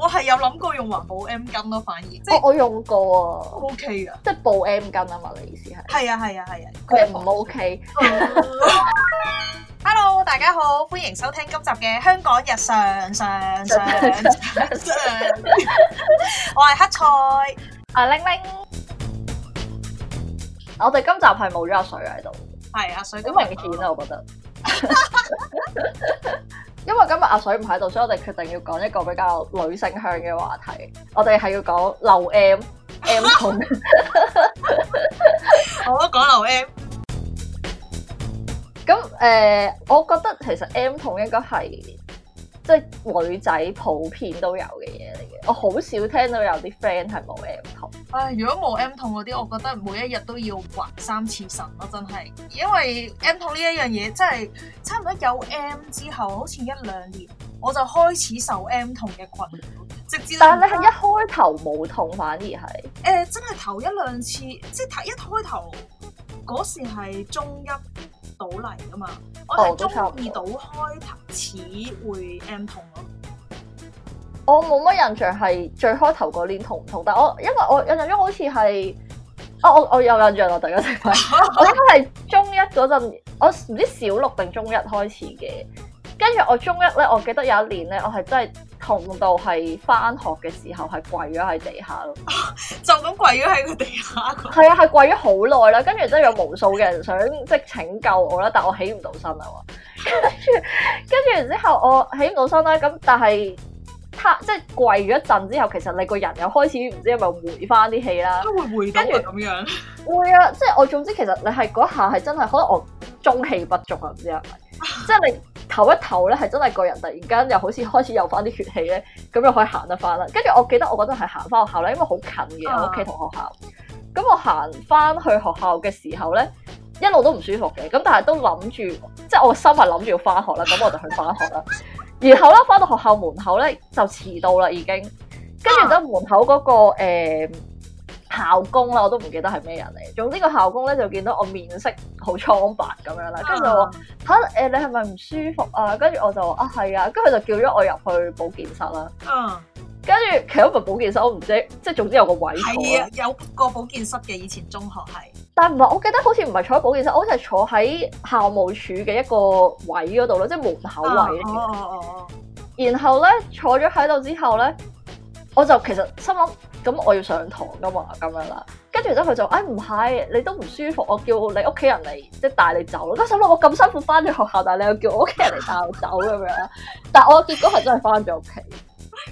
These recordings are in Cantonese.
我係有諗過用環保 M 巾咯，反而即係我用過，OK 嘅，即係補 M 巾啊嘛，你意思係？係啊，係啊，係啊，佢唔 OK。Hello，大家好，歡迎收聽今集嘅香港日常，常常。我係黑菜，阿玲玲。我哋今集係冇咗阿水喺度，係阿水都唔見啦，我覺得。因為今日阿水唔喺度，所以我哋決定要講一個比較女性向嘅話題。我哋係要講流 M M 痛。我都講流 M。咁誒，我覺得其實 M 痛應該係。即係女仔普遍都有嘅嘢嚟嘅，我好少聽到有啲 friend 係冇 M 痛。唉、哎，如果冇 M 痛嗰啲，我覺得每一日都要捱三次神咯，真係。因為 M 痛呢一樣嘢，真係差唔多有 M 之後，好似一兩年我就開始受 M 痛嘅困。直接。但係你係一開頭冇痛，反而係？誒、呃，真係頭一兩次，即係頭一開頭嗰時係中一。倒嚟噶嘛？哦、我喺中二倒開始會 M 痛咯。我冇乜印象係最開頭嗰年痛唔痛，但係我因為我印象中好似係，哦我我有印象我大家 我一齊睇。我諗係中一嗰陣，我唔知小六定中一開始嘅。跟住我中一咧，我記得有一年咧，我係真係。窮到係翻學嘅時候係跪咗喺地下咯， 就咁跪咗喺個地下。 係啊，係跪咗好耐啦，跟住真係有無數嘅人想即係拯救我啦，但我起唔到身啊！跟 住， 跟住然之後我起唔到身咧，咁但係，即係跪咗一陣之後，其實你個人又開始唔知係咪回翻啲氣啦，是是氣都會回跟住咁樣，會啊！即係我總之其實你係嗰下係真係，可能我中氣不足啊，唔知係咪，即係你。唞一唞咧，係真係個人突然間又好似開始有翻啲血氣咧，咁又可以行得翻啦。跟住我記得我嗰陣係行翻學校啦，因為好近嘅我屋企同學校。咁我行翻去學校嘅時候咧，一路都唔舒服嘅。咁但係都諗住，即係我心係諗住要翻學啦。咁我就去翻學啦。然後咧，翻到學校門口咧就遲到啦，已經。跟住到門口嗰、那個誒。嗯校工啦，我都唔記得係咩人嚟。總之個校工咧就見到我面色好蒼白咁樣啦，跟住、啊、就話嚇，誒你係咪唔舒服啊？跟住我就話啊，係啊，跟住佢就叫咗我入去保健室啦。嗯、啊，跟住其實嗰個保健室我唔知，即係總之有個位坐。係啊，有個保健室嘅以前中學係，但係唔係我記得好似唔係坐喺保健室，我好似係坐喺校務處嘅一個位嗰度咯，即係門口位。啊、然後咧坐咗喺度之後咧，我就其實心諗。咁我要上堂噶嘛，咁樣啦，跟住之後佢就，誒唔係，你都唔舒服，我叫你屋企人嚟即係帶你走咯，佢心諗，我咁辛苦翻咗學校，但係你又叫我屋企人嚟帶我走咁樣，但係我結果係真係翻咗屋企。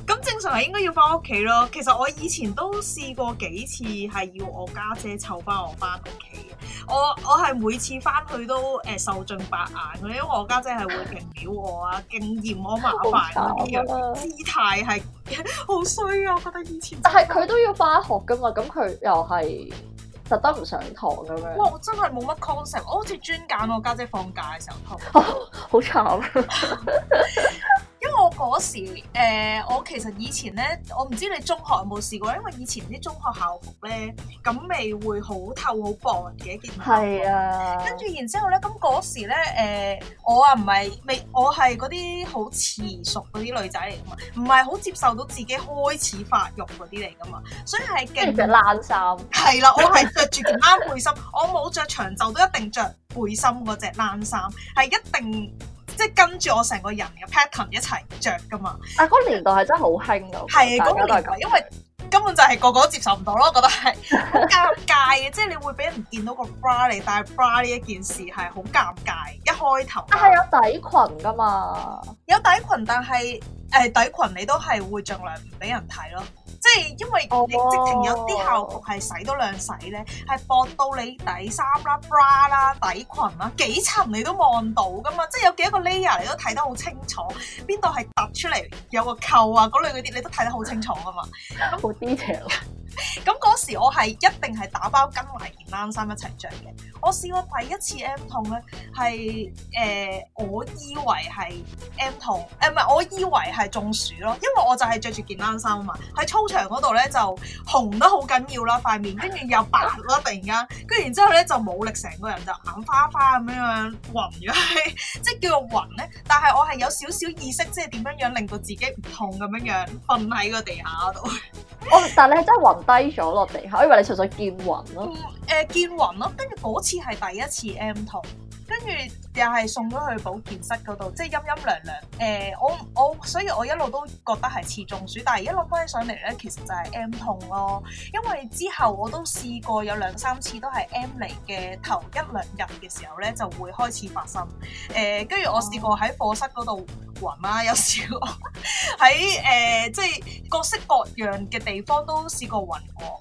咁正常係應該要翻屋企咯。其實我以前都試過幾次係要我，姐姐我家姐湊翻我翻屋企嘅。我我係每次翻去都誒、呃、受盡白眼嘅，因為我家姐係會勁屌我啊，勁嫌 我麻煩嗰啲姿態係好衰啊。我覺得以前但係佢都要翻學噶嘛，咁佢又係特登唔上堂咁樣。哇，我真係冇乜 concept，我好似專揀我家姐，姐放假嘅時候上。哦，好慘。 憐 因為我嗰時，誒、呃，我其實以前咧，我唔知你中學有冇試過，因為以前啲中學校服咧，咁咪會好透好薄嘅件衫。係啊。跟住然之後咧，咁嗰時咧，誒、呃，我啊唔係未，我係嗰啲好遲熟嗰啲女仔嚟噶嘛，唔係好接受到自己開始發育嗰啲嚟噶嘛，所以係勁着冷衫。係啦， 我係着住件冷背心， 我冇着長袖都一定着背心嗰隻冷衫，係一定。即係跟住我成個人嘅 pattern 一齊着㗎嘛！啊，嗰、嗰個、年代係真係好興㗎，係嗰個年代，因為根本就係個個都接受唔到咯，我覺得係好尷尬嘅。 即係你會俾人見到個 bra，你戴 bra 呢一件事係好尷尬，一開頭。但係、啊、有底裙㗎嘛。有底裙，但係。誒、呃、底裙你都係會盡量唔俾人睇咯，即係因為你直情有啲校服係洗多兩洗咧，係、oh. 薄到你底衫啦、bra 啦、底裙啦幾層你都望到噶嘛，即係有幾多個 layer 你都睇得好清楚，邊度係突出嚟有個扣啊嗰類嗰啲你都睇得好清楚噶嘛，好 detail。咁嗰時我係一定係打包跟埋件冷衫一齊着嘅。我試過第一次 M 痛咧，係誒、呃、我以為係 M 痛，誒唔係我以為係中暑咯，因為我就係着住件冷衫啊嘛。喺操場嗰度咧就紅得好緊要啦，塊面，跟住又白咯，突然間，跟然之後咧就冇力，成個人就眼花花咁樣樣暈咗，係即係叫做暈咧。但係我係有少少意識，即係點樣樣令到自己唔痛咁樣樣、 哦，瞓喺個地下度。我。但係你係真係暈？低咗落地下，我以為你純粹見暈咯，誒、嗯呃、見暈咯，跟住次係第一次 M 痛。跟住又係送咗去保健室嗰度，即係陰陰涼涼。誒、呃，我我所以我一路都覺得係似中暑，但係一諗翻起上嚟咧，其實就係 M 痛咯。因為之後我都試過有兩三次都係 M 嚟嘅頭一兩日嘅時候咧，就會開始發生。誒、呃，跟住我試過喺課室嗰度暈啊，有時喺誒、 呃、即係各式各樣嘅地方都試過暈過。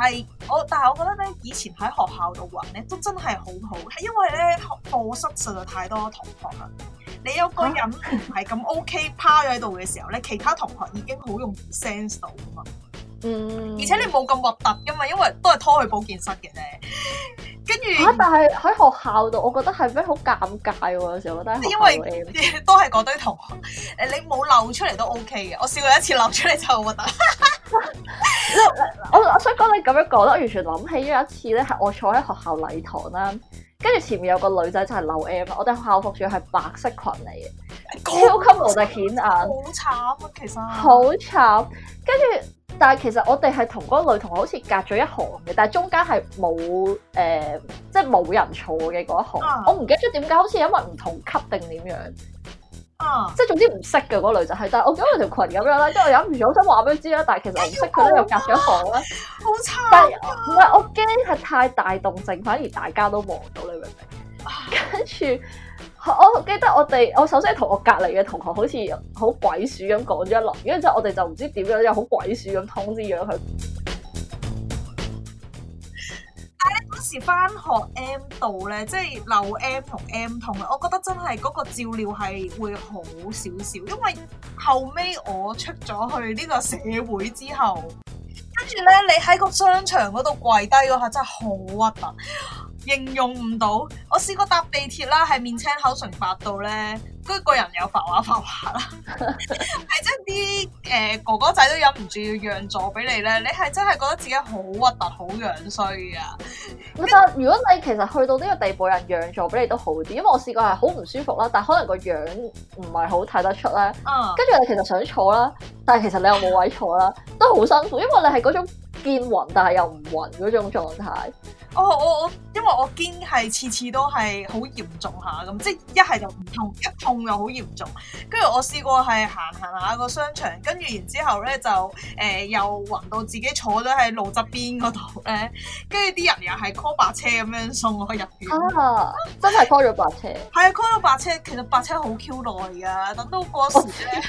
係我，但係我覺得咧，以前喺學校度混咧，都真係好好。係因為咧，課室實在太多同學啦。你有個人唔係咁 OK、啊、趴咗喺度嘅時候咧，其他同學已經好容易 sense 到噶嘛。嗯。而且你冇咁核突，噶嘛，因為都係拖去保健室嘅啫。跟住、啊。但係喺學校度，我覺得係咩好尷尬，有時候覺得，因為都係嗰堆同學，你冇漏出嚟都 OK 嘅。我試過一次漏出嚟就好核突。 我我想講你咁樣講咧，我完全諗起咗一次咧，係我坐喺學校禮堂啦，跟住前面有個女仔就係漏 M，我哋校服着係白色裙嚟嘅，超級無敵顯眼，好慘啊其實，好慘。跟住，但係其實我哋係同嗰個女同學好似隔咗一行嘅，但係中間係冇誒，即係冇人坐嘅嗰一行。我唔記得咗點解，好似因為唔同級定點樣？即係總之唔識嘅嗰女仔係，但係我見到條裙咁樣啦，即係我忍唔住，好想話俾佢知啦。但係其實我唔識佢咧，又隔咗行啦。好差， 但係唔係我驚係太大動靜，反而大家都望到你明唔明？跟 住我記得我哋，我首先同我隔籬嘅同學好似好鬼鼠咁講咗一輪，跟住之後我哋就唔知點樣，又好鬼鼠咁通知咗佢。當時返學 M 度咧，即係留 M 同 M 痛嘅，我覺得真係嗰個照料係會好少少，因為後尾我出咗去呢個社會之後，跟住咧你喺個商場嗰度跪低嗰下真係好核突啊，形容唔到。我試過搭地鐵啦，係面青口唇白到咧，嗰個人又發話發話啦，係即係啲。誒、欸、哥哥仔都忍唔住要讓座俾你咧，你係真係覺得自己好核突、好樣衰啊！咪 但如果你其實去到呢個地步，人讓座俾你都好啲，因為我試過係好唔舒服啦，但係可能個樣唔係好睇得出啦。跟住、uh. 你其實想坐啦，但係其實你又冇位坐啦，都好辛苦，因為你係嗰種。見暈但係又唔暈嗰種狀態，我我我因為我肩係次次都係好嚴重下咁，即係一係就唔痛一痛又好嚴重，跟住我試過係行行下個商場，跟住然之後咧就誒、呃、又暈到自己坐咗喺路側邊嗰度咧，跟住啲人又係 call 白車咁樣送我入院，ah, 真係 call 咗白車，係啊 call 咗白車，其實白車好 Q 耐噶，等到過時咧，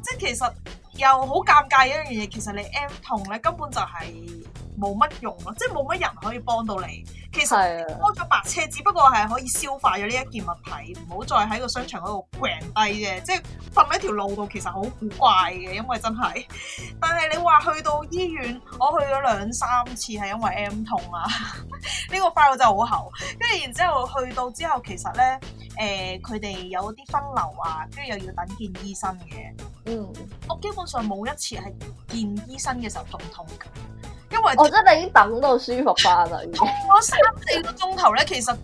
即係其實。又好尷尬一樣嘢，其實你 M 痛咧根本就係、是。冇乜用咯，即係冇乜人可以幫到你。其實開咗的白車，只不過係可以消化咗呢一件物體，唔好再喺個商場嗰度逛低啫。即係瞓喺條路度，其實好古怪嘅，因為真係。但係你話去到醫院，我去咗兩三次係因為 M 痛啊，呢 個花肉真係好喉。跟住然之後，然後去到之後，其實咧誒，佢、呃、哋有啲分流啊，跟住又要等見醫生嘅。嗯，我基本上冇一次係見醫生嘅時候仲痛。因為我真係已經等到舒服翻啦，痛咗 三四個鐘頭咧，其實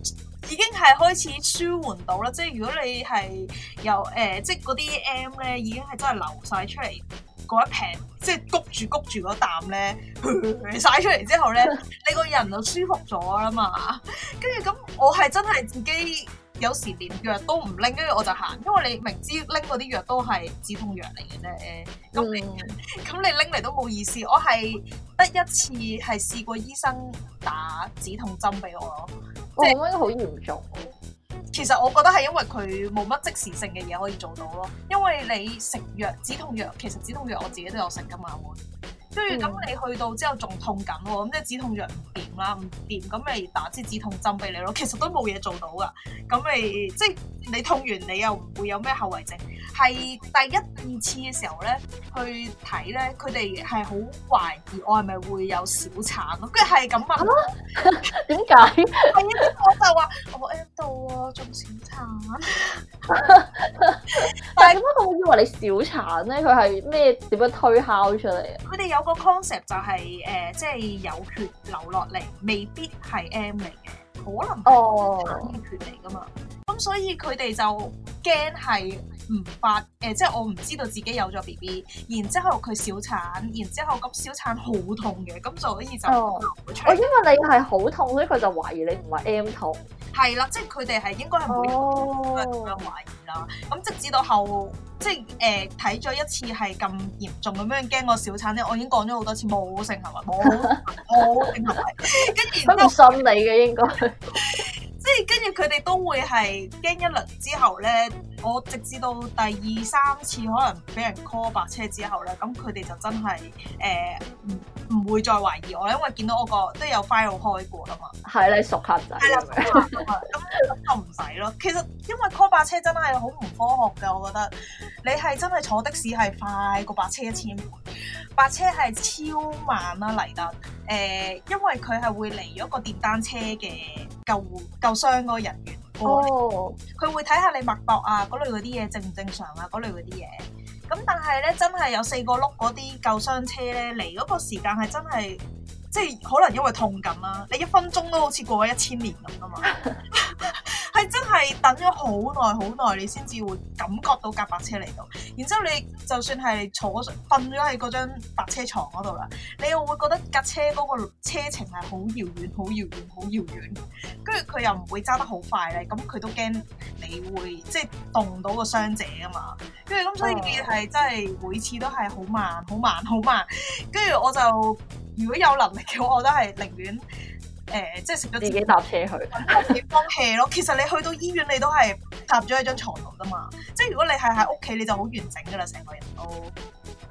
已經係開始舒緩到啦。即係如果你係由誒，即係嗰啲 M 咧，已經係真係流晒出嚟嗰一瓶，即係谷住谷住嗰啖咧，晒 出嚟之後咧，你個人就舒服咗啦嘛。跟住咁，我係真係自己。有時連藥都唔拎，跟住我就行，因為你明知拎嗰啲藥都係止痛藥嚟嘅咧，咁、嗯嗯、你咁你拎嚟都冇意思。我係得一次係試過醫生打止痛針俾我咯，即係好嚴重。其實我覺得係因為佢冇乜即時性嘅嘢可以做到咯，因為你食藥止痛藥，其實止痛藥我自己都有食㗎嘛。跟住咁你去到之後仲痛緊喎，咁即係止痛藥唔掂啦，唔掂咁咪打支止痛針俾你咯。其實都冇嘢做到噶，咁咪即係你痛完你又唔會有咩後遺症。係第一、第二次嘅時候咧，去睇咧，佢哋係好懷疑我係咪會有小產咯。跟住係咁問，點解？係啊，我就話我。仲小產，但係咁樣，我以為你小產咧，佢係咩點樣推敲出嚟啊？佢哋有個 concept 就係、是、誒，即、呃、係、就是、有血流落嚟，未必係 M 嚟嘅，可能哦，係產血嚟噶嘛。Oh. 所以佢哋就驚係唔發，誒、呃、即係我唔知道自己有咗 B B，然之後佢小產，然之後咁小產好痛嘅，咁所以就流出哦，oh. Oh, 因為你係好痛，所以佢就懷疑你唔係 M 痛，係啦，即係佢哋係應該係每一個人都咁樣懷疑啦。咁、嗯、直至到後，即係誒睇咗一次係咁嚴重咁樣驚個小產咧，我已經講咗好多次冇性行為，冇冇跟住都唔信你嘅應該。 即係跟住佢哋都會係驚一輪之後咧，我直至到第二三次可能俾人 call 白車之後咧，咁佢哋就真係誒唔唔會再懷疑我，因為見到我個都有 file 開過噶嘛。係你熟客仔。係啦的，熟客咁就唔使咯。其實因為 call 白車真係好唔科學嘅，我覺得你係真係坐的士係快過白車一千倍，白車係超慢啦、啊、嚟得誒、呃，因為佢係會嚟咗個電單車嘅救。救。救傷嗰個人員，佢、哦、會睇下你脈搏啊，嗰類嗰啲嘢正唔正常啊，嗰類嗰啲嘢。咁但係咧，真係有四個轆嗰啲救傷車咧，嚟嗰個時間係真係。即係可能因為痛緊啦，你一分鐘都好似過咗一千年咁啊嘛，係 真係等咗好耐好耐，你先至會感覺到架白車嚟到，然之後你就算係坐瞓咗喺嗰張白車床嗰度啦，你又會覺得架車嗰個車程係好遙遠、好遙遠、好遙遠，跟住佢又唔會揸得好快咧，咁佢都驚你會即係動到個傷者啊嘛，跟住咁所以你係真係每次都係好慢、好慢、好慢，跟住我就。如果有能力嘅話，我都係寧願誒、呃，即係食咗自己搭車去，放棄咯。其實你去到醫院，你都係搭咗一張床度㗎嘛。即係如果你係喺屋企，你就好完整噶啦，成個人都。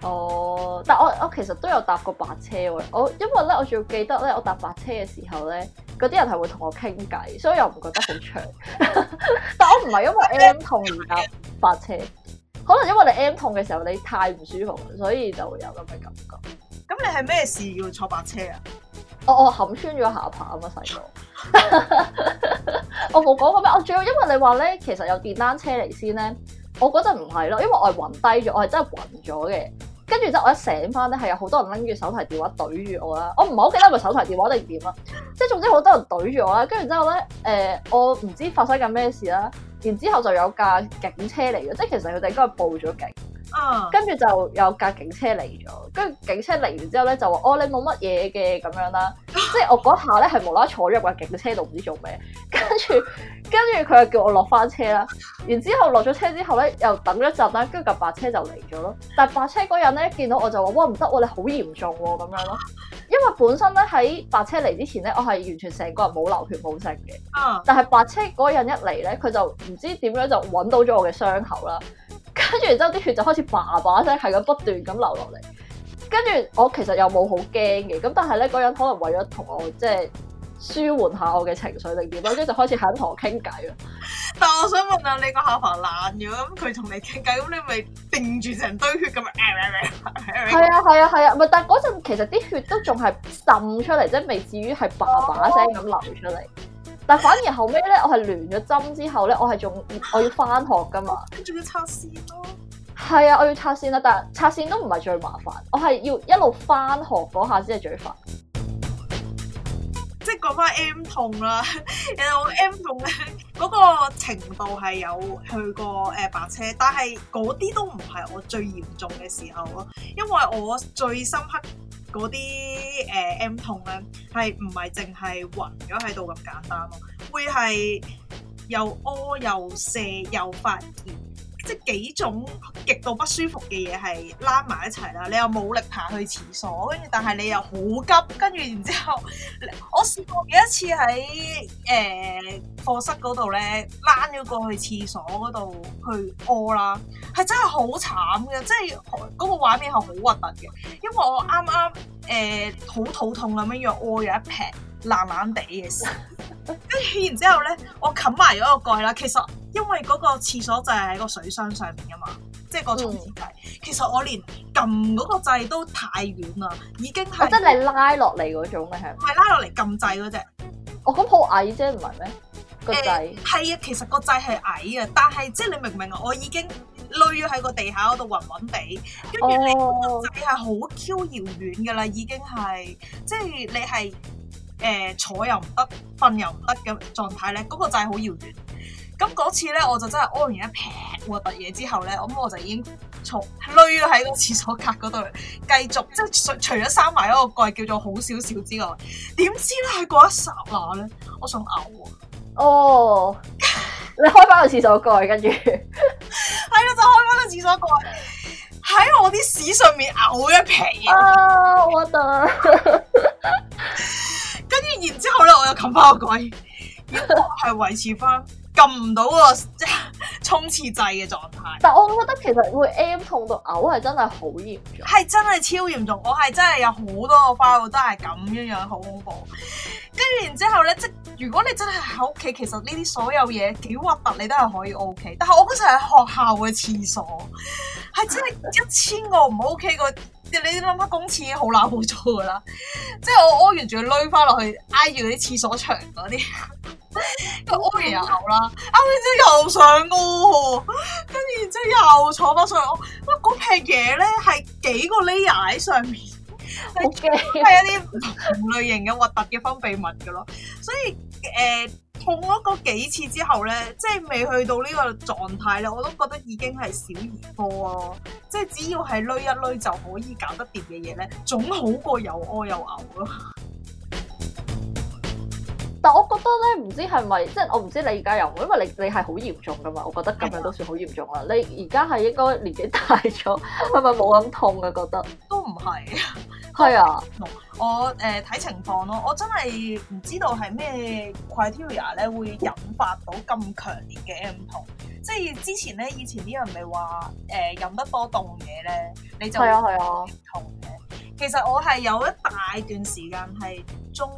哦，但我我其實都有搭過白車喎。我因為咧，我仲要記得咧，我搭白車嘅時候咧，嗰啲人係會同我傾偈，所以又唔覺得好長。 但我唔係因為 M 痛而搭白車， 可能因為你 M 痛嘅時候你太唔舒服，所以就會有咁嘅感覺。咁你係咩事要坐白車啊？我我冚穿咗下巴啊嘛，細個，我冇講過咩？ 我仲要因為你話咧，其實有電單車嚟先咧，我覺得唔係咯，因為我係暈低咗，我係真係暈咗嘅。跟住之後我一醒翻咧，係有好多人拎住手提電話懟住我啦。我唔係好記得係咪手提電話定點啊，即係總之好多人懟住我啦。跟住之後咧，誒、呃，我唔知發生緊咩事啦。然之後就有架警車嚟嘅，即係其實佢哋應該係報咗警。跟住就有架警車嚟咗，跟住警車嚟完之後咧就話，哦，你冇乜嘢嘅咁樣啦，即係我嗰下咧係無啦啦坐咗入架警車度唔知做咩，跟住跟住佢又叫我落翻車啦，然之後落咗車之後咧又等咗一陣啦，跟住架白車就嚟咗咯，但係白車嗰人咧見到我就話哇，唔得，你好嚴重咁樣咯，因為本身咧喺白車嚟之前咧我係完全成個人冇流血冇剩嘅，但係白車嗰人一嚟咧佢就唔知點樣就揾到咗我嘅傷口啦。跟住然之後啲血就開始叭叭聲，係咁不斷咁流落嚟，跟住我其實又冇好驚嘅，咁但係咧嗰人可能為咗同我即係舒緩下我嘅情緒定點樣，跟住就開始肯同我傾偈啊。但係我想問下你個下盤爛咗，咁佢同你傾偈，咁你咪定住成堆血咁樣。係啊係啊係啊，唔係，但係嗰陣其實啲血都仲係滲出嚟即係，未至於係叭叭聲咁流出嚟。但反而後尾咧，我係聯咗針之後咧，我係仲我要返學㗎嘛。你仲要拆線咯，啊？係啊，我要拆線啦。但拆線都唔係最麻煩，我係要一路返學嗰下先係最煩。即係講翻 M 痛啦，其實 我 M 痛咧嗰個程度係有去過誒白車，但係嗰啲都唔係我最嚴重嘅時候咯，因為我最深刻嗰啲誒 M 痛咧係唔係淨係暈咗喺度咁簡單咯，會係又屙又瀉又發熱。即係幾種極度不舒服嘅嘢係拉埋一齊啦，你又冇力爬去廁所，跟住但係你又好急，跟住然之後，我試過幾多次喺誒課室嗰度咧拉咗過去廁所嗰度去屙啦，係真係好慘嘅，即係嗰個畫面係好核突嘅，因為我啱啱誒好肚痛咁樣樣屙有一撇。爛爛地嘅，跟住 然後之後咧，我冚埋咗個蓋啦。其實因為嗰個廁所就係喺個水箱上面噶嘛，即係個沖水掣。嗯、其實我連撳嗰個掣都太遠啦，已經係真係拉落嚟嗰種嘅係咪？係拉落嚟撳掣嗰隻。哦，咁好矮啫，唔係咩？嗰個掣係啊，其實個掣係矮嘅，但係即係你明唔明？我已經累喺個地下嗰度暈暈地，跟住你個掣係好 Q 遙遠噶啦，已經係、哦、即係你係。就是你是誒、呃，坐又唔得，瞓又唔得嘅狀態咧，嗰、嗰個、就係好遙遠。咁嗰次咧，我就真係屙完一撇，核突嘢之後咧，咁我,我就已經累匿喺個廁所隔嗰度，繼續即係除咗閂埋嗰個蓋，叫做好少少之外，點知咧喺過一剎那咧，我想嘔啊！哦， 你開翻個廁所蓋，跟住係啦，就開翻個廁所蓋，喺我啲屎上面嘔一撇嘢啊！核突。跟住，然之後咧，我又冚翻個鬼，係維持翻撳唔到個即係沖廁掣嘅狀態。但我覺得其實會 M 痛到嘔，係真係好嚴重，係真係超嚴重。我係真係有好多個 file 都係咁樣樣，好恐怖。跟住，然之後咧，即如果你真係喺屋企，其實呢啲所有嘢幾核突，你都係可以 OK。但係我本身喺學校嘅廁所，係真係一千個唔 OK 個。 你諗下公廁已經好難好做噶啦，即係我屙完仲要攞翻落去挨住啲廁所牆嗰啲，咁 屙完又嘔啦，啱先又上屙，跟住然之後又坐翻上去，上我哇嗰撇嘢咧係幾個 layer 喺上面，係 一啲唔同類型嘅核突嘅分泌物噶咯，所以誒。呃痛咗嗰幾次之後呢，即係未去到呢個狀態呢，我都覺得已經係小兒科咯。即係只要係攣一攣就可以搞得掂嘅嘢呢，總好過又屙又嘔咯。但我覺得咧，唔知係咪即係我唔知你而家有冇，因為你你係好嚴重㗎嘛？我覺得噉樣都算好嚴重啦。你而家係應該年紀大咗，係咪冇咁痛啊？覺得都唔不係，係 啊，我誒睇、呃、情況咯。我真係唔知道係咩 criteria 咧會引發到咁強烈嘅 M 痛。 即係之前咧，以前啲人咪話誒飲得多凍嘢咧，你就係啊，係啊痛嘅。其實我係有一大段時間係中。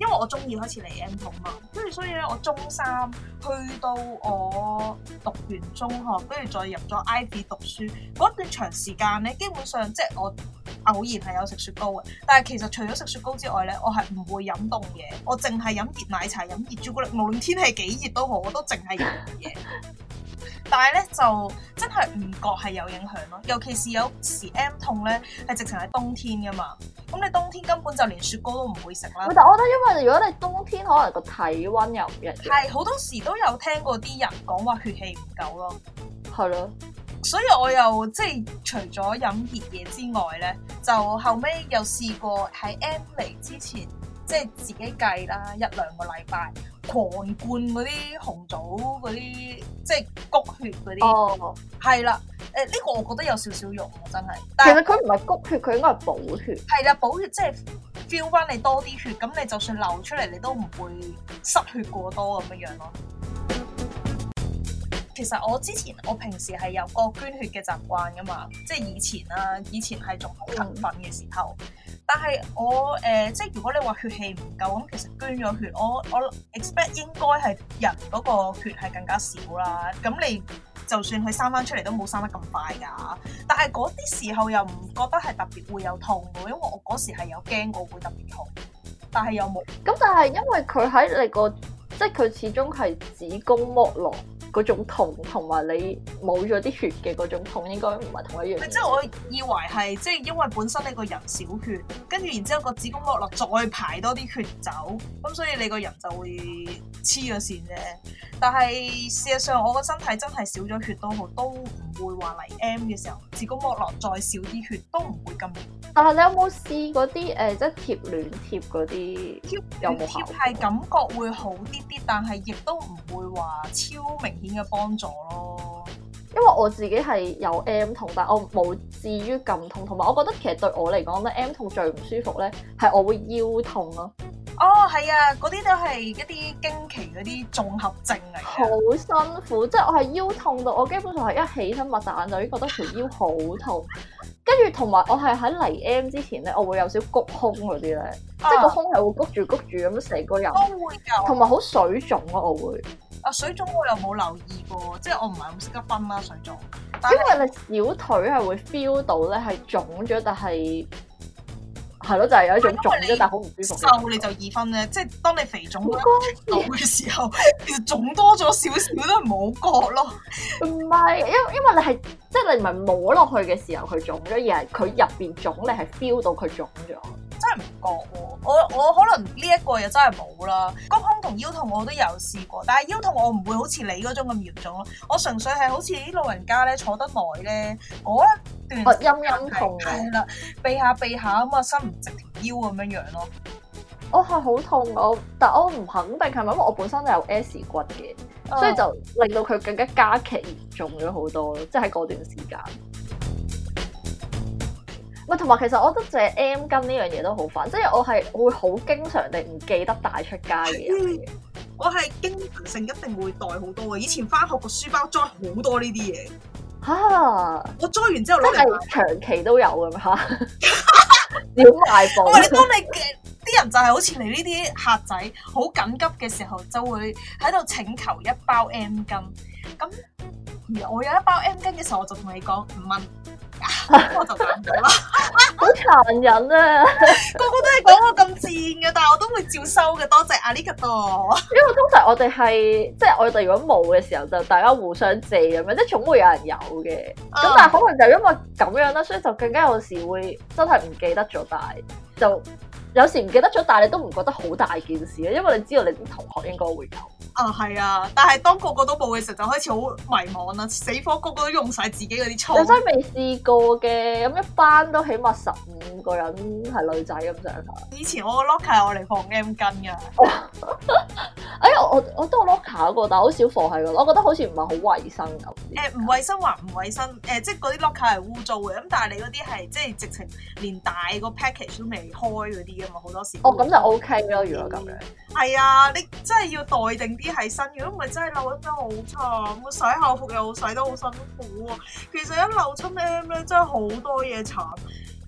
因為我中二開始嚟 M 痛嘛，跟住所以咧我中三去到我讀完中學，跟住再入咗 IB 讀書嗰段長時間咧，基本上即係我偶然係有食雪糕嘅，但係其實除咗食雪糕之外咧，我係唔會飲凍嘢，我淨係飲熱奶茶、飲熱朱古力，無論天氣幾熱都好，我都淨係飲熱嘢。但係咧就真係唔覺係有影響咯，尤其是有時 M 痛咧係直情喺冬天噶嘛，咁你冬天根本就連雪糕都唔會食啦。但我覺得因為如果你冬天可能個體溫又係好多時都有聽過啲人講話血氣唔夠咯，係咯的，所以我又即係除咗飲熱嘢之外咧，就後尾又試過喺 M 嚟之前。即係自己計啦，一兩個禮拜狂灌嗰啲紅棗嗰啲，即係谷血嗰啲，係啦、oh.。誒、呃、呢、呢個我覺得有少少用，真係。但係佢唔係谷血，佢應該係補血。係啦，補血即係 feel 翻你多啲血，咁你就算流出嚟，你都唔會失血過多咁樣樣咯。其實我之前我平時係有個捐血嘅習慣㗎嘛，即係以前啦、啊，以前係仲好勤奮嘅時候。但係我誒、呃，即係如果你話血氣唔夠咁，其實捐咗血，我我 expect 應該係人嗰個血係更加少啦。咁你就算佢生返出嚟都冇生得咁快㗎。但係嗰啲時候又唔覺得係特別會有痛㗎，因為我嗰時係有驚過會特別痛，但係又冇咁。但係因為佢喺你個，即係佢始終係子宮剝落。嗰種痛同埋你冇咗啲血嘅嗰種痛應該唔係同一樣。即係我以為係即係因為本身你個人少血，跟住然之後個子宮剝落再排多啲血走，咁所以你個人就會黐咗線啫。但係事實上我個身體真係少咗血都好，都唔會話嚟 M 嘅時候子宮剝落再少啲血都唔會咁。但係、啊、你有冇試嗰啲誒即係貼暖貼嗰啲？貼暖貼係感覺會好啲啲，但係亦都唔會話超明。片嘅幫助咯，因為我自己係有 M 痛，但係我冇至於咁痛，同埋我覺得其實對我嚟講咧，M 痛最唔舒服咧係我會腰痛咯。哦，係啊，嗰啲都係一啲經期嗰啲綜合症嚟。好辛苦，即係我係腰痛到我基本上係一起身擘大眼就已經覺得條腰好痛，跟住同埋我係喺嚟 M 之前咧，我會有少谷胸嗰啲咧，即係個胸係會谷住谷住咁成個人都會，同埋好水腫咯，我會。啊，水腫我又冇留意過，即係我唔係咁識得分啦水腫。但因為你小腿係會 feel 到咧，係腫咗，但係係咯，就係、是、有一種腫咗，但係好唔舒服。瘦你就易分咧，即係當你肥腫到嘅時候，其實腫多咗少少都係冇覺咯。唔係，因因為你係即係你唔係摸落去嘅時候佢腫咗，而係佢入邊腫，你係 feel 到佢腫咗。真係唔覺喎，我我可能呢一個又真係冇啦，骨痛同腰痛我都有試過，但係腰痛我唔會好似你嗰種咁嚴重咯，我純粹係好似啲老人家咧坐得耐咧我一段，個陰陰痛係啦，避下避下啊嘛，伸唔直條腰咁樣樣咯，我係好痛我，但我唔肯定係咪，因為我本身就有 S 骨嘅，所以就令到佢更加加劇嚴重咗好多咯，即係嗰段時間。唔同埋其實我覺得借 M 巾呢樣嘢都好煩，即係我係會好經常地唔記得帶出街嘅。 我係經常性一定會袋好多嘅，以前返學個書包裝好多呢啲嘢。嚇哈！我裝完之後攞嚟，長期都有㗎嘛？小賣部。因為當你嘅啲人就係好似你呢啲客仔，好緊急嘅時候就會喺度請求一包 M 巾。咁我有一包 M 巾嘅時候，我就同你講五蚊。我就諗到啦，好殘忍啊！個個都係講我咁賤嘅，但係我都會照收嘅。多謝阿 ning ning 度！因為通常我哋係即係我哋如果冇嘅時候，就大家互相借咁樣，即係總會有人有嘅。咁但係可能就因為咁樣啦，所以就更加有時會真係唔記得咗，但係就。有時唔記得咗，但係你都唔覺得好大件事咧，因為你知道你啲同學應該會有。啊，係啊！但係當個個都報嘅時候，就開始好迷茫啦。死火，個個都用晒自己嗰啲抽。又真係未試過嘅。咁一班都起碼十五個人係女仔咁上下。以前我個 locker 我嚟放 M 巾㗎。哦、 哎呀，我我，我都有 locker 過，但係好少放喺度。我覺得好似唔係好衞生咁。誒唔衞生還唔衞生，誒、呃、即係嗰啲 locker 係污糟嘅。咁但係你嗰啲係即係直情連大個 package 都未開嗰啲。好多時哦，咁就 OK 咯。如果咁樣，係啊，你真係要袋定啲喺身。如果唔係，真係漏得都好慘。我洗校服又洗得好辛苦、啊。其實一漏出 M 咧，真係好多嘢慘，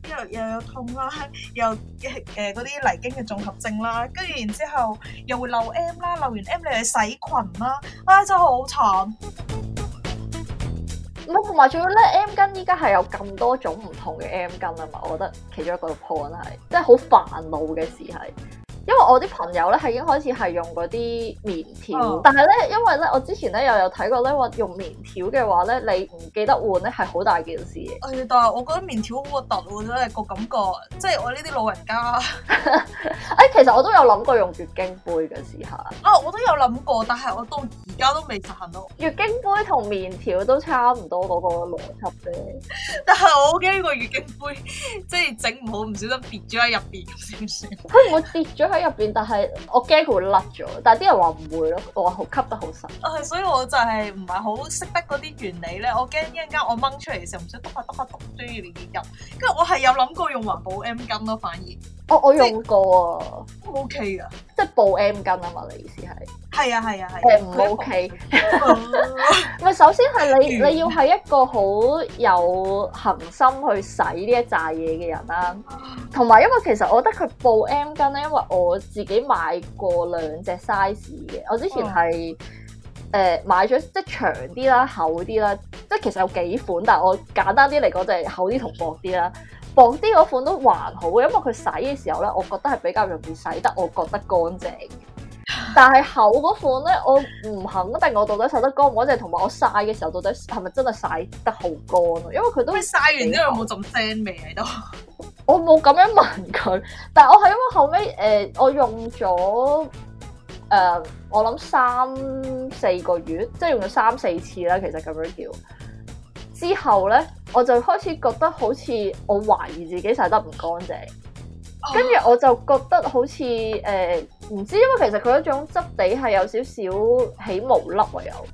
又又有痛啦、啊，又誒嗰啲嚟經嘅綜合症啦、啊，跟住然之後，後又會漏 M 啦，漏完 M 你又洗裙啦、啊，啊、哎、真係好慘。咁同埋仲要咧，M 巾依家係有咁多種唔同嘅 M 巾啊嘛，我覺得其中一個個 point 係，即係好煩惱嘅事係。因為我啲朋友咧係已經開始係用嗰啲棉條，oh. 但係咧因為咧我之前咧又有睇過咧話用棉條嘅話咧你唔記得換咧係好大件事。但係、哎、我覺得棉條好核突喎，真、那、係個感覺，即係我呢啲老人家。 哎，其實我都有諗過用月經杯嘅時候。啊，oh, 我都有諗過，但係我到而家都未實行到。月經杯同棉條都差唔多嗰個邏輯啫。但係我驚個月經杯即係整唔好，唔小心跌咗喺入邊咁點算？我跌咗。 喺入邊，但係我驚佢會甩咗，但係啲人話唔會咯，我話好吸得好實。啊，所以我就係唔係好識得嗰啲原理咧，我驚一陣間我掹出嚟嘅時候，唔想篤下篤下同中意嘅嘢入。跟住我係有諗過用環保 M 巾咯，反而。哦、我用過，都 OK 噶，即係布 M 巾啊嘛，你意思係？係啊係啊係。誒唔 OK，咪首先係你 你要係一個好有恒心去洗呢一扎嘢嘅人啦、啊，同埋因為其實我覺得佢布 M 巾咧，因為我自己買過兩隻 size 嘅，我之前係誒、oh. 呃、買咗即係長啲啦、厚啲啦，即係其實有幾款，但係我簡單啲嚟講就係厚啲同薄啲啦。薄啲嗰款都還好嘅，因為佢洗嘅時候咧，我覺得係比較容易洗得，我覺得乾淨。但係厚嗰款咧，我唔肯定我到底洗得乾唔乾淨，即係同埋我曬嘅時候到底係咪真係曬得好乾咯？因為佢都曬完之後冇咁腥味都。 我冇咁樣問佢，但係我係因為後尾，誒、呃，我用咗誒、呃，我諗三四個月，即係用咗三四次啦，其實咁樣叫。之後咧，我就開始覺得好似我懷疑自己洗得唔乾淨，跟住、oh. 我就覺得好似誒唔知，因為其實佢一種質地係有少少起毛粒啊，有。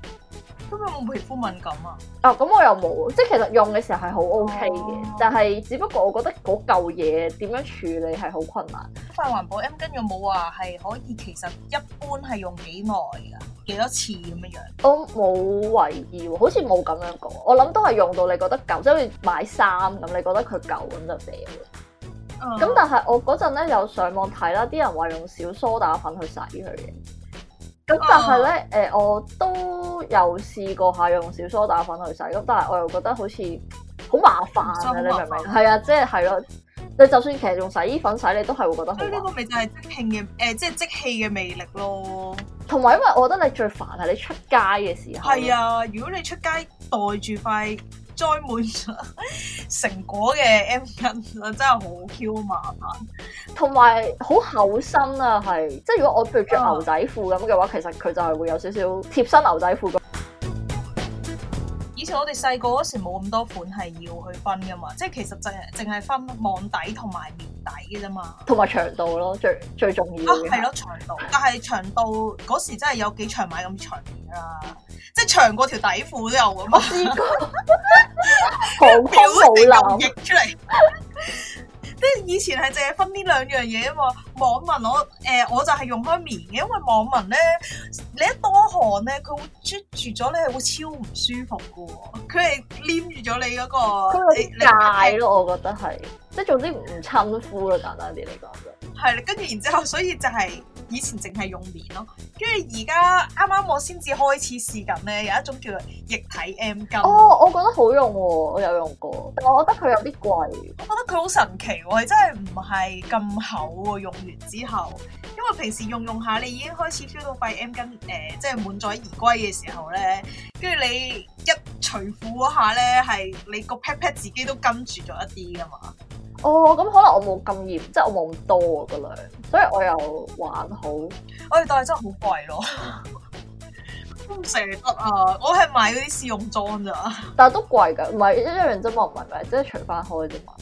咁有冇皮膚敏感啊？啊、哦，咁我又冇，即係其實用嘅時候係好 OK 嘅，oh. 但係只不過我覺得嗰嚿嘢點樣處理係好困難。快環保 M 巾有冇話係可以，其實一般係用幾耐㗎？幾多次咁、oh, 樣樣？我冇懷疑喎，好似冇咁樣講。我諗都係用到你覺得舊，即係買衫咁，你覺得佢舊咁就捨棄。咁、oh. 但係我嗰陣咧有上網睇啦，啲人話用小梳打粉去洗佢嘅。咁但係咧，誒、oh. 呃，我都有試過下用小梳打粉去洗，咁但係我又覺得好似好麻煩 啊！你明唔明？係啊，即係係咯。你就算其實用洗衣粉洗，你都係會覺得好滑，呢個咪就係即興嘅，誒、呃，即係即氣嘅魅力咯。同埋，因為我覺得你最煩係你出街嘅時候。係啊，如果你出街袋住塊栽滿咗 成果嘅 M 巾啊，真係好 Q 麻煩。同埋好厚身啊，係，即係如果我譬如着牛仔褲咁嘅話，啊、其實佢就係會有少少貼身牛仔褲咁。好似我哋細個嗰時冇咁多款係要去分噶嘛，即係其實淨係淨係分網底同埋棉底嘅啫嘛，同埋長度咯，最最重要嘅。係咯、啊，長度，但係長度嗰時真係有幾長買咁長噶啦，即係長過條底褲都有啊嘛。好好 出嚟。 即係以前係淨係分呢兩樣嘢啊嘛，網民我誒我就係用開棉嘅，因為網民咧、呃、你一多汗咧，佢會啜住咗你係會超唔舒服嘅喎，佢係黏住咗你嗰、那個。佢有啲咯，我覺得係，即、就、係、是、總之唔親膚咯，簡單啲嚟講就係。係啦，跟住然之後，所以就係、是。以前淨係用棉咯，跟住而家啱啱我先至開始試緊咧，有一種叫液體 M 巾。哦，我覺得好用喎、哦，我有用過。我覺得佢有啲貴。我覺得佢好神奇喎、哦，真係唔係咁厚喎、哦，用完之後，因為平時用用下你已經開始 feel 到塊 M 巾，誒、呃，即係滿載而歸嘅時候咧，跟住你一除褲嗰下咧，係你個 pat pat 自己都跟住咗一啲㗎嘛。哦，咁可能我冇咁嚴，即係我冇咁多個量，所以我又還好。哎，但係真係好貴咯，唔 捨得啊！我係買嗰啲試用裝咋，但係都貴㗎，唔係一樣，啫嘛，唔係咪？即係除翻開啫嘛。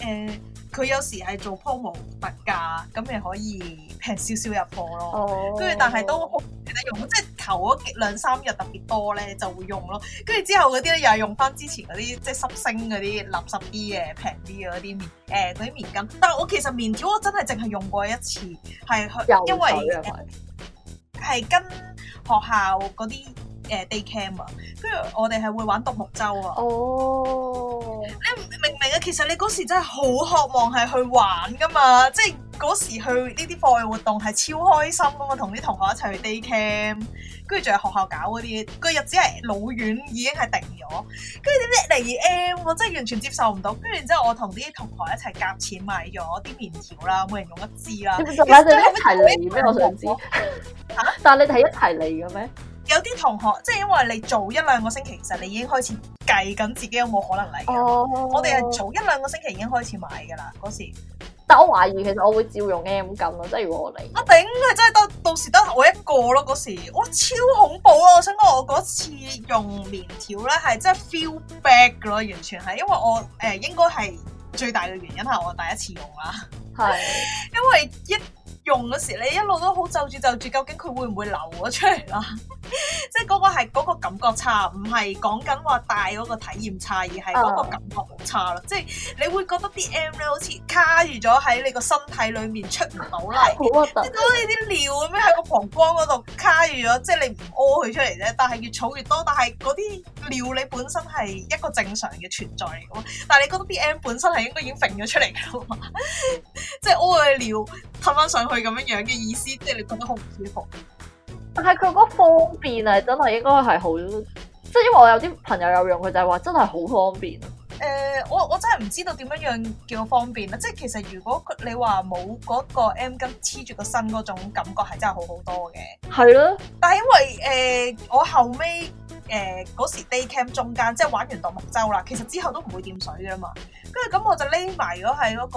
誒、呃。佢有時係做 promo 特價，咁咪可以平少少入貨咯。跟住、oh.，但係都好，即係用，即係頭嗰兩三日特別多咧，就會用咯。跟住之後嗰啲咧，又係用翻之前嗰啲，即係濕星嗰啲垃圾啲嘅平啲嘅嗰啲棉，誒、欸、啲棉巾。但係我其實棉條我真係淨係用過一次，係去手因為係跟學校嗰啲誒 day camp 啊，跟住我哋係會玩獨木舟啊。Oh. 你明唔明啊，其實你嗰時真係好渴望係去玩噶嘛，即係嗰時去呢啲課外活動係超開心噶嘛，同啲同學一齊去 day camp，跟住仲有學校搞嗰啲，個日子係老遠已經係定咗，跟住點解嚟 M？我真係完全接受唔到，跟住之後我同啲同學一齊夾錢買咗啲棉條啦，每人用一支啦，反正其實 一齊嚟咩？我想知，啊、但係你哋係一齊嚟嘅咩？有啲同學，即係因為你做一兩個星期，其實你已經開始計緊自己有冇可能嚟嘅。哦、我哋係做一兩個星期已經開始買噶啦，嗰時。但我懷疑，其實我會照用 M 金咯，即係如果我嚟。我頂、啊，係真係得，到時得我一個咯，嗰時，我超恐怖啊！我想講，我嗰次用棉條咧，係真係 feel b a d k 噶咯，完全係，因為我誒、呃、應該係最大嘅原因係我第一次用啦。係是， 因為一。用嗰時你一路都好就住就住，究竟佢會唔會流咗出嚟啦？ 即係嗰個係嗰個感覺差，唔係講緊話大嗰個體驗差，而係嗰個感覺好差咯。Uh huh. 即係你會覺得啲 M 咧好似卡住咗喺你個身體裏面出唔到嚟，即係攞你啲尿咁樣喺個膀胱嗰度卡住咗。即係你唔屙佢出嚟啫，但係越儲越多。但係嗰啲尿你本身係一個正常嘅存在嚟噶，但係你覺得啲 M 本身係應該已經揈咗出嚟噶嘛？ 即係屙佢尿氹翻上去。係咁樣樣嘅意思，即係你覺得好唔舒服？但係佢嗰方便啊，真係應該係好，即係因為我有啲朋友有用佢，就係話真係好方便。誒、呃，我我真係唔知道點樣樣叫方便啦。即係其實如果你話冇嗰個 M 巾黐住個身嗰種感覺，係真係好好多嘅。係咯。但係因為誒、呃，我後尾誒嗰時 day camp 中間即係玩完獨木舟啦，其實之後都唔會掂水噶嘛。跟住咁我就匿埋咗喺嗰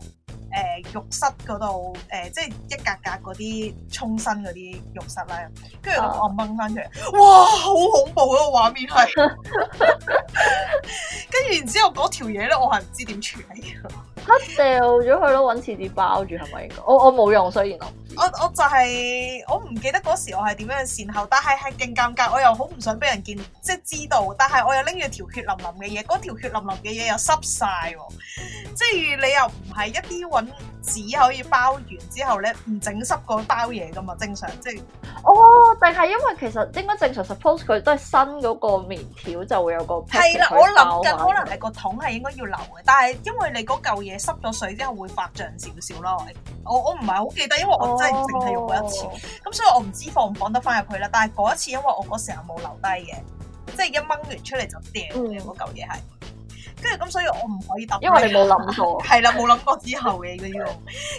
個。誒、呃、浴室嗰度誒，即係一格格嗰啲沖身嗰啲浴室啦。跟住我掹掹翻出嚟，uh, 哇！好恐怖嗰個畫面，跟 住然之後嗰條嘢咧，我係唔知點處理，嚇掉咗佢咯，揾紙紙包住係咪應該？我我冇用，雖然我我，我就係、是、我唔記得嗰時我係點樣善後，但係係勁尷尬，我又好唔想俾人見，即係知道，但係我又拎住條血淋淋嘅嘢，嗰條血淋淋嘅嘢又濕晒喎，mm hmm. 即係你又唔係一啲紙可以包完之後咧，唔整濕個包嘢㗎嘛？正常，即係哦，定係因為其實應該正常，suppose 佢都係新嗰個棉條就會有個係啦、啊。我諗緊可能係個桶係應該要留嘅，嗯、但係因為你嗰嚿嘢濕咗水之後會發脹少少咯。我我唔係好記得，因為我真係淨係用過一次，咁、哦嗯、所以我唔知放唔放得翻入去啦。但係嗰一次因為我嗰時候冇留低嘅，即係一掹完出嚟就掉嘅嗰嚿嘢係。跟住咁，所以我唔可以答。因為你冇諗過，係啦， 冇諗過之後嘅嗰啲。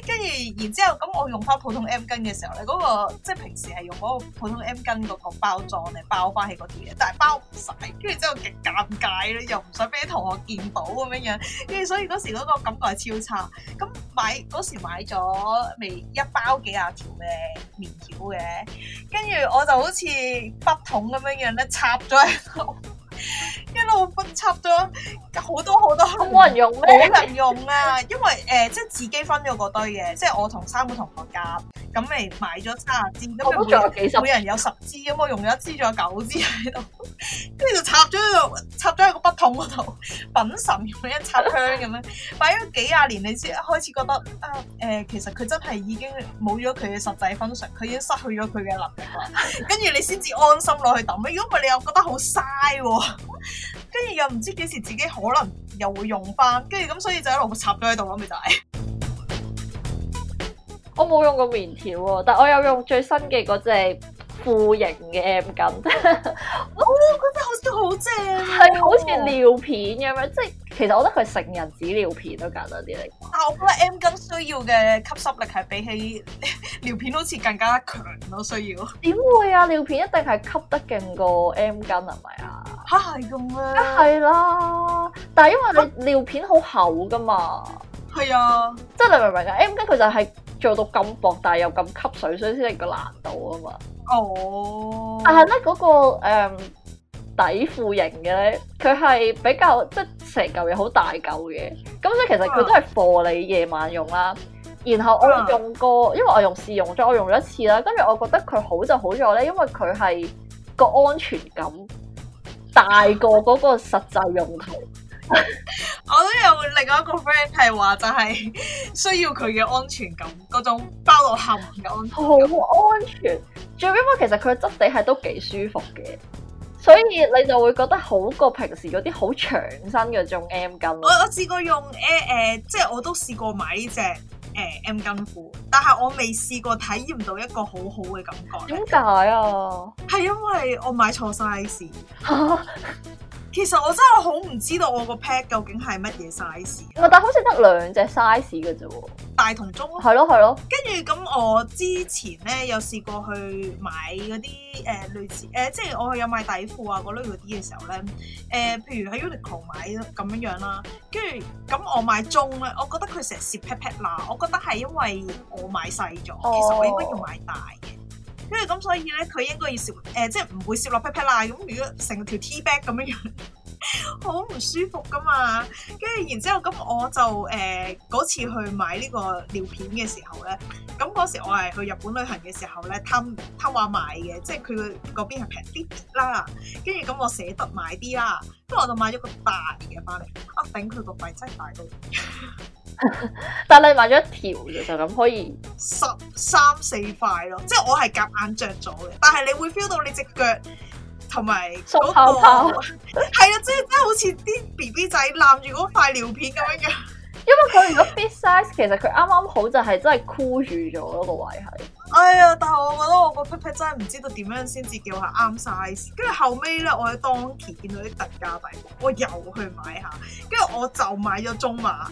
跟住 然之後，咁我用翻普通 M 巾嘅時候咧，嗰、那個即係平時係用嗰個普通 M 巾個包裝嚟包翻起嗰啲嘢，但係包唔晒。跟住之後極尷尬咧，又唔想俾啲同學見到咁樣樣。跟住所以嗰時嗰個感覺係超差。咁買嗰時買咗未一包幾廿條嘅棉條嘅，跟住我就好似筆筒咁樣樣咧插咗喺度。一路分插咗好多好多，香，冇人用咩？冇人用啊，因為誒、呃，即係自己分咗嗰堆嘅，即係我同三個同學夾，咁咪買咗三十支，每人有十支，咁我用咗一支，仲有九支喺度，跟住就插咗喺度，插咗喺個筆筒嗰度，品神咁樣一插香咁樣，擺咗幾廿年，你先開始覺得啊，誒、呃，其實佢真係已經冇咗佢嘅實際分神，佢已經失去咗佢嘅能力，跟住你先至安心落去抌。如果唔係，你又覺得好嘥喎。跟住 又唔知幾時自己可能又會用翻，跟住咁所以就一路插咗喺度咯，咪就係。 我冇用過棉條喎、哦，但我有用最新嘅嗰隻褲型嘅 M 巾。我覺得好似、啊、好正，係好似尿片咁樣即。其實我覺得佢成人紙尿片都簡單啲嚟，但係我覺得 M 巾需要嘅吸收力係比起尿片好似更加強咯，需要。點會啊？尿片一定係吸得勁過 M 巾係咪啊？吓係咁咩？梗係啦，但係因為你尿片好厚噶嘛。係啊，即係你明唔明啊？M 巾佢就係做到咁薄，但係又咁吸水，所以先係個難度啊嘛。哦。但係咧嗰個誒。底褲型嘅咧，佢係比較即係成嚿嘢好大嚿嘅，咁所以其實佢都係 for 你夜晚用啦。然後我用過，啊、因為我用試用咗，我用咗一次啦。跟住我覺得佢好就好在咧，因為佢係個安全感大過嗰個實際用途。 我都有另外一個 friend 係話就係需要佢嘅安全感嗰種包到冚嘅安全感，好安，安全。最緊要其實佢嘅質地係都幾舒服嘅。所以你就會覺得好過平時嗰啲好長身嘅種 M 巾。我我試過用誒誒、呃呃，即係我都試過買呢隻誒 M 巾褲，但係我未試過體驗到一個好好嘅感覺。點解啊？係因為我買錯 size。 其實我真係好唔知道我個 pad 究竟係乜嘢 size？唔係，但好似得兩隻 size 嘅啫。大同中係咯係咯。跟住咁我之前咧有試過去買嗰啲誒類似誒、呃，即係我有買底褲啊嗰類嗰啲嘅時候咧，誒、呃，譬如喺 Uniqlo 買咁樣樣、啊、啦。跟住咁我買中咧，我覺得佢成日蝕 pad pad 啦。我覺得係因為我買細咗，其實我應該要買大。嘅、哦。跟住咁所以咧，佢應該要攝誒、呃，即係唔會攝落屁屁啦。咁如果成條 T back 咁樣樣，好 唔舒服㗎嘛。跟住然之後咁，我就誒嗰、呃、次去買呢個尿片嘅時候咧，咁嗰時我係去日本旅行嘅時候咧，貪貪話買嘅，即係佢嗰邊係平啲啦。跟住咁，我捨得買啲啦。咁我就買咗個大嘅翻嚟。啊頂佢個肺真係大到， 但係買咗一條嘅就咁可以十三四塊咯，即係我係夾硬着咗嘅，但係你會 feel 到你隻腳同埋嗰個係啊，即係真係好似啲 B B 仔攬住嗰塊尿片咁樣嘅。因為佢如果 big size 其實佢啱啱好就係真係箍住咗嗰個位係，哎呀！但係我覺得我個 pat pat 真係唔知道點樣先至叫係啱 size，跟住後尾咧，我喺 Donki 見到啲特價底，我又去買下，跟住我就買咗中碼，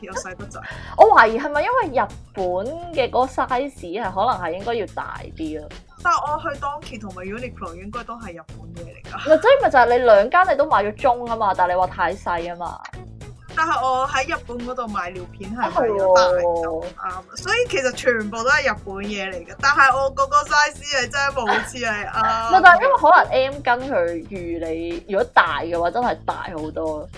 又細得滯。 我懷疑係咪因為日本嘅嗰個 size 係可能係應該要大啲咯？但係我去 Donki 同埋 Uniqlo 應該都係日本嘢嚟噶，咪 即係咪就係你兩間你都買咗中啊嘛？但係你話太細啊嘛？但係我喺日本嗰度買尿片係買咗大就啱，所以其實全部都係日本嘢嚟嘅。但係我個個 size 係真係冇似係啊，唔係，但係因為可能 M 巾佢預你，如果大嘅話，真係大好多。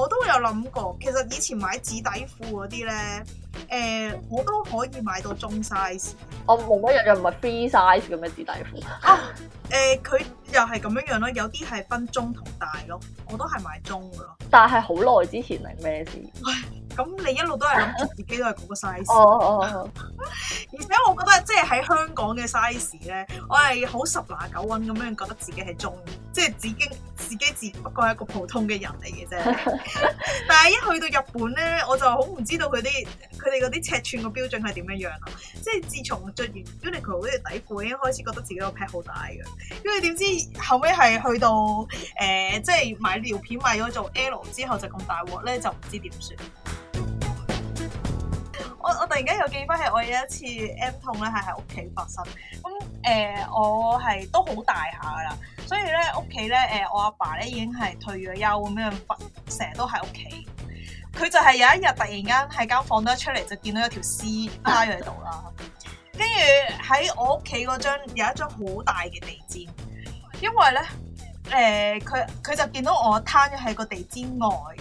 我都有諗過，其實以前買紙底褲嗰啲咧，誒、呃，我都可以買到中 size。我冇乜樣，又唔係 free size 咁樣紙底褲。啊，誒、呃，佢又係咁樣樣咯，有啲係分中同大咯，我都係買中嘅咯。但係好耐之前係咩事？咁你一路都係諗自己都係嗰個 size。哦哦 而且我覺得，即係喺香港嘅 size 咧，我係好十拿九穩咁樣覺得自己係中。即係自，自己自己只不過係一個普通嘅人嚟嘅啫， 但係一去到日本咧，我就好唔知道佢啲佢哋嗰啲尺寸嘅標準係點樣樣咯。即係自從我着完 Uniqlo 嗰條底褲已經開始覺得自己個 pad 好大嘅，因為點知後尾係去到誒即係買尿片買咗做 L 之後就咁大鑊咧，就唔知點算。我我突然間又記翻係我有一次 M 痛咧，係喺屋企發生咁。誒、呃，我係都好大下㗎啦，所以咧屋企咧，誒、呃，我阿爸咧已經係退咗休咁樣，成日都喺屋企。佢就係有一日突然間喺間房度一出嚟，就見到有條屍趴喺度啦。跟住喺我屋企嗰張有一張好大嘅地氈，因為咧，誒、呃，佢佢就見到我攤咗喺個地氈外，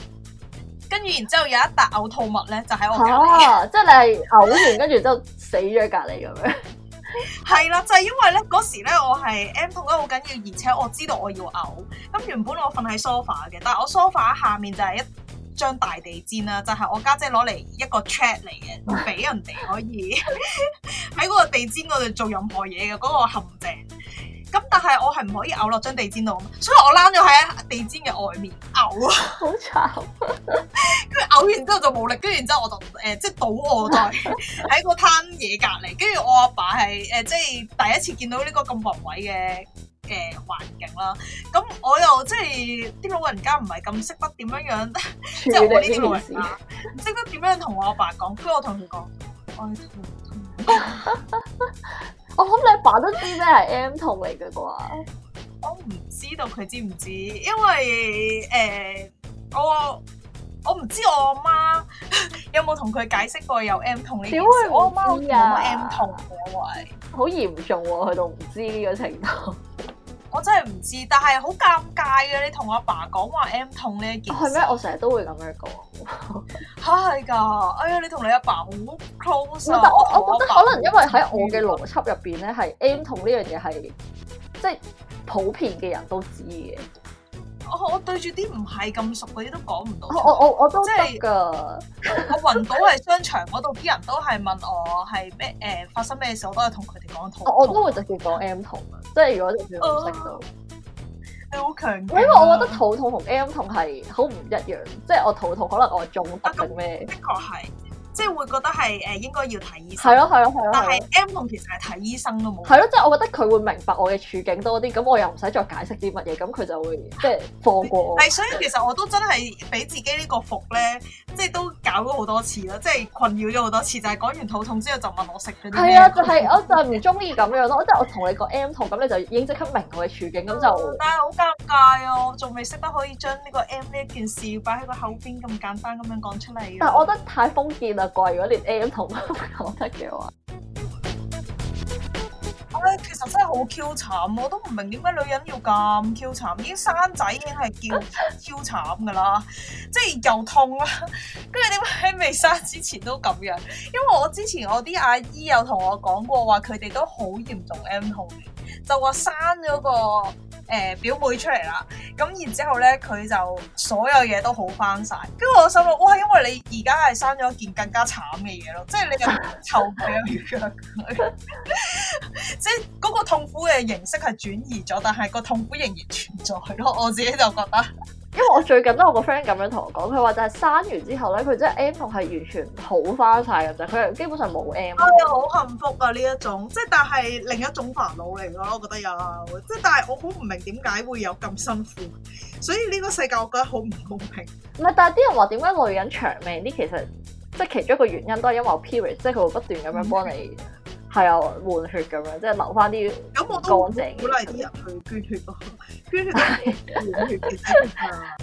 跟住然之後有一笪嘔吐物咧就喺我隔籬、啊。 即係你係嘔完跟住之後死咗隔籬咁樣。係啦，就係、是、因為咧嗰時咧，我係 M 痛得好緊要，而且我知道我要嘔。咁原本我瞓喺 sofa 嘅，但係我 sofa 下面就係一張大地氈啦，就係、是、我家姐攞嚟一個 check 嚟嘅，俾人哋可以喺嗰個地氈嗰度做任何嘢嘅，嗰、那個陷阱。咁但係我係唔可以嘔落張地氈度，所以我攬咗喺地氈嘅外面嘔啊，好慘！跟住嘔完之後就冇力，跟住之後我就誒、呃、即係倒卧在喺個 攤嘢隔籬，跟住我阿爸係誒即係第一次見到呢個咁宏偉嘅誒環境啦。咁我又即係啲老人家唔係咁識得點樣樣， 即係我呢啲老人家唔識 得點樣同我阿爸講，跟住我同佢講，哎呀！ 我諗你爸都知咩係 M 痛嚟嘅啩？我唔知道佢知唔知，知，因為誒、欸，我我唔知我阿媽有冇同佢解釋過有 M 痛呢件事。我阿媽冇 M 痛，我話好嚴重喎、啊，佢都唔知呢個程度。我真係唔知，但係好尷尬爸爸 啊！你同阿爸講話 M 痛呢件事係咩？我成日都會咁樣講，嚇係㗎！哎呀，你同你阿爸好 close 啊！我我，和我，我覺得可能因為喺我嘅邏輯入邊咧，係 M 痛呢樣嘢係即係普遍嘅人都知嘅。我我對住啲唔係咁熟嗰啲都講唔到。我我我都得㗎。我暈 倒喺商場嗰度啲人都係問我係咩？誒、呃、發生咩事？我都係同佢哋講痛。我都會直接講 M 痛。即係如果就算唔識都，你好強嘅，因為我覺得肚痛同 M 痛係好唔一樣，即係我肚痛可能我中毒定咩，啊、的確係。即係會覺得係誒應該要睇醫生。係咯、啊，係咯、啊，係咯、啊。啊啊、但係 M 痛其實係睇醫生都冇。係咯，即係、啊就係、我覺得佢會明白我嘅處境多啲，咁我又唔使再解釋啲乜嘢，咁佢就會即係放過。係，所以其實我都真係俾自己呢個服咧，即係都搞咗好多次咯，即係困擾咗好多次。就係、係、講完肚痛之後就問我食係啊，就係、係、 我就係唔中意咁樣咯。即係 我同你講 M 痛，咁你就已經即刻明我嘅處境，咁就。嗯、但係好尷尬啊！仲未識得可以將呢個 M 呢一件事擺喺個口邊咁簡單咁樣講出嚟。但係我覺得太封建啦。怪，如果連 M 痛都唔得嘅話，咧、哎、其實真係好 Q 慘，我都唔明點解女人要咁 Q 慘，已經生仔已經係叫 Q 慘噶啦，即係又痛啦，跟住點解未生之前都咁樣？因為我之前我啲阿姨有同我講過話，佢哋都好嚴重 M 痛，就話生咗個。誒、呃、表妹出嚟啦，咁然之後咧，佢就所有嘢都好翻晒。跟住我心諗，哇，因為你而家係生咗件更加慘嘅嘢咯，即係你又湊佢又虐待佢， 即係嗰個痛苦嘅形式係轉移咗，但係個痛苦仍然存在咯，我自己就覺得。 因為我最近都有個 friend 咁樣同我講，佢話就係生完之後咧，佢即係 M 痛係完全好翻晒嘅啫，佢基本上冇 M。哎呀、哦，好幸福啊呢一種，即係但係另一種煩惱嚟咯，我覺得有，即係但係我好唔明點解會有咁辛苦，所以呢個世界我覺得好唔公平。唔係、嗯，但係啲人話點解女人長命啲？其實即係其中一個原因都係因為我 period，即係佢會不斷咁樣幫你。嗯係啊，換血咁樣，即係留翻啲乾淨。本來啲人去捐血噶，捐血換血其實啊，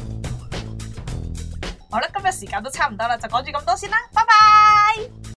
好啦，今日時間都差唔多啦，就講住咁多先啦，拜拜。